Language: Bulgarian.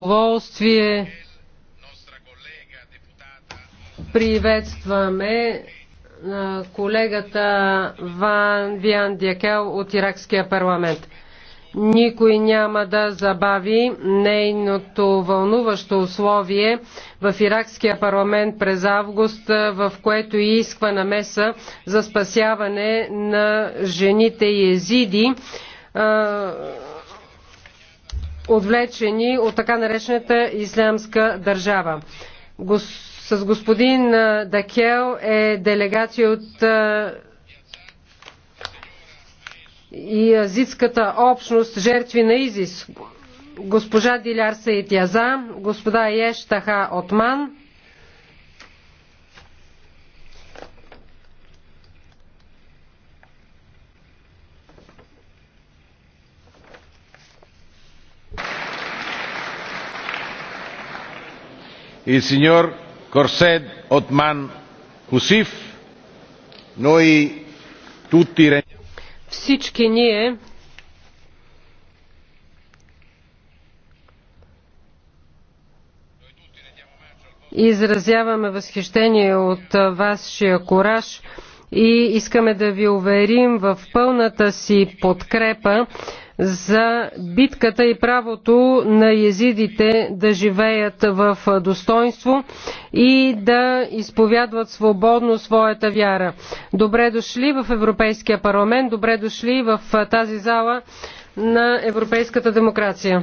удоволствие приветстваме колегата Ван Виан Дякел от Иракския парламент. Никой няма да забави нейното вълнуващо условие в Иракския парламент през август, в което изисква намеса за спасяване на жените и езиди отвлечени от така наречената ислямска държава. С господин Дакел е делегация от и азитската общност жертви на ИЗИС. Госпожа Диляр Саитяза, господа Еш Таха Отман, il signor khorshed othman husif всички ние изразяваме възхищение от вашия кураж и искаме да ви уверим в пълната си подкрепа за битката и правото на езидите да живеят в достоинство и да изповядват свободно своята вяра. Добре дошли в Европейския парламент, добре дошли в тази зала на европейската демокрация.